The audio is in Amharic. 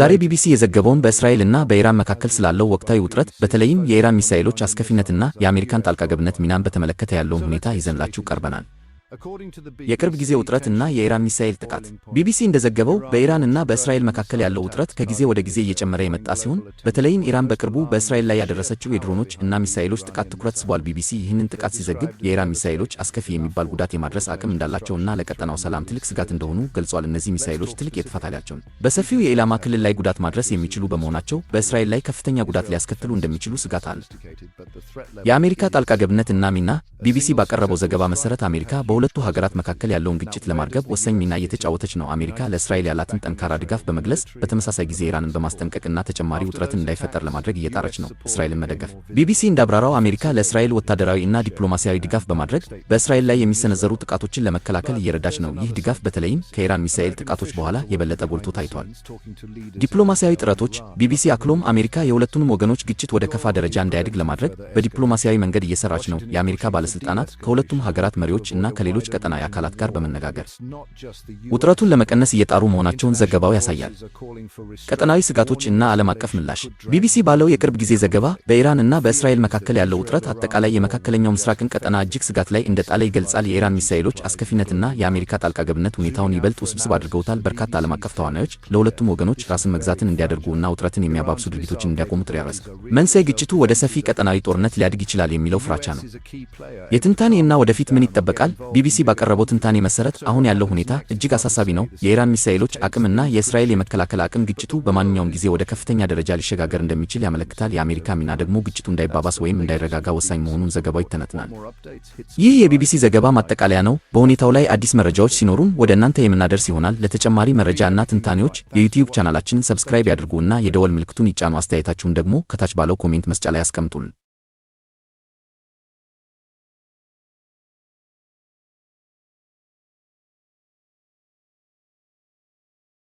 ዛሬ ቢቢሲ የዘገበውን በእስራኤልና በኢራን መካከል ስላለው ወቅታዊ ውጥረት በተለይም የኢራን ሚሳኤሎች አስከፊነትና የአሜሪካን ጣልቃ ገብነት ሚናን በተመለከተ ያለውን ሁኔታ ይዘንላችሁ ቀርበናል። የቅርብ ጊዜ ውጥረት እና የኢራን ሚሳኤል ጥቃት። ቢቢሲ እንደዘገበው በኢራን እና በእስራኤል መካከል ያለው ውጥረት ከጊዜ ወደ ጊዜ እየጨመረ የመጣ ሲሆን በተለይም ኢራን በቅርቡ በእስራኤል ላይ ያደረሰችው የድሮኖች እና ሚሳኤሎች ጥቃት ትኩረት ስቧል። ቢቢሲ ይህንን ጥቃት ሲዘግብ የኢራን ሚሳኤሎች አስከፊ የሚባል ጉዳት የማድረስ አቅም እንዳላቸው እና ለቀጠናው ሰላም ትልቅ ስጋት እንደሆኑ ገልጿል። እነዚህ ሚሳኤሎች ትልቅ የጥፋት አላቸው፣ በሰፊው የኢላማ ክልል ላይ ጉዳት ማድረስ የሚችሉ በመሆናቸው በእስራኤል ላይ ከፍተኛ ጉዳት ሊያስከትሉ እንደሚችሉ ስጋት አለ። የአሜሪካ ጣልቃ ገብነት እና ሚና ቢቢሲ ባቀረበው ዘገባ መሰረት አሜሪካ በሁለቱ ሀገራት መካከል ያለውን ግጭት ለማርገብ ወሳኝ ሚና እየተጫወተች ነው። አሜሪካ ለእስራኤል ያላትን ጠንካራ ድጋፍ በመግለጽ በተመሳሳይ ጊዜ ኢራንን በማስጠንቀቅና ተጨማሪ ውጥረትን እንዳይፈጠር ለማድረግ እየጣረች ነው። እስራኤልን መደገፍ ቢቢሲ እንዳብራራው አሜሪካ ለእስራኤል ወታደራዊ እና ዲፕሎማሲያዊ ድጋፍ በማድረግ በእስራኤል ላይ የሚሰነዘሩ ጥቃቶችን ለመከላከል እየረዳች ነው። ይህ ድጋፍ በተለይም ከኢራን ሚሳኤል ጥቃቶች በኋላ የበለጠ ጎልቶ ታይቷል። ዲፕሎማሲያዊ ጥረቶች ቢቢሲ አክሎም አሜሪካ የሁለቱንም ወገኖች ግጭት ወደ ከፋ ደረጃ እንዳያድግ ለማድረግ በዲፕሎማሲያዊ መንገድ እየሰራች ነው። የአሜሪካ ባለ ባለሥልጣናት ከሁለቱም ሀገራት መሪዎች እና ከሌሎች ቀጠናዊ አካላት ጋር በመነጋገር ውጥረቱን ለመቀነስ እየጣሩ መሆናቸውን ዘገባው ያሳያል። ቀጠናዊ ስጋቶች እና ዓለም አቀፍ ምላሽ ቢቢሲ ባለው የቅርብ ጊዜ ዘገባ በኢራን እና በእስራኤል መካከል ያለው ውጥረት አጠቃላይ የመካከለኛው ምስራቅን ቀጠና እጅግ ስጋት ላይ እንደጣለ ይገልጻል። የኢራን ሚሳኤሎች አስከፊነትና የአሜሪካ ጣልቃ ገብነት ሁኔታውን ይበልጥ ውስብስብ አድርገውታል። በርካታ ዓለም አቀፍ ተዋናዮች ለሁለቱም ወገኖች ራስን መግዛትን እንዲያደርጉ እና ውጥረትን የሚያባብሱ ድርጊቶችን እንዲያቆሙ ጥሪ ያረሰ መንስኤ ግጭቱ ወደ ሰፊ ቀጠናዊ ጦርነት ሊያድግ ይችላል የሚለው ፍራቻ ነው። የትንታኔና ወደፊት ምን ይጠበቃል? ቢቢሲ ባቀረበው ትንታኔ መሰረት አሁን ያለው ሁኔታ እጅግ አሳሳቢ ነው። የኢራን ሚሳኤሎች አቅም እና የእስራኤል የመከላከል አቅም ግጭቱ በማንኛውም ጊዜ ወደ ከፍተኛ ደረጃ ሊሸጋገር እንደሚችል ያመለክታል። የአሜሪካ ሚና ደግሞ ግጭቱ እንዳይባባስ ወይም እንዳይረጋጋ ወሳኝ መሆኑን ዘገባው ይተነትናል። ይህ የቢቢሲ ዘገባ ማጠቃለያ ነው። በሁኔታው ላይ አዲስ መረጃዎች ሲኖሩን ወደ እናንተ የምናደርስ ይሆናል። ለተጨማሪ መረጃ እና ትንታኔዎች የዩቲዩብ ቻናላችንን ሰብስክራይብ ያድርጉ እና የደወል ምልክቱን ይጫኑ። አስተያየታችሁን ደግሞ ከታች ባለው ኮሜንት መስጫ ላይ አስቀምጡልን።